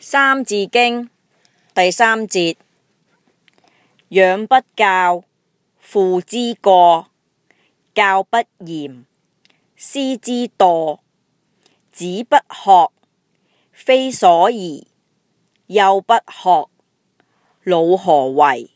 三字經第三節：養不教，父之過；教不嚴，師之惰；子不學，非所宜；幼不學，老何為？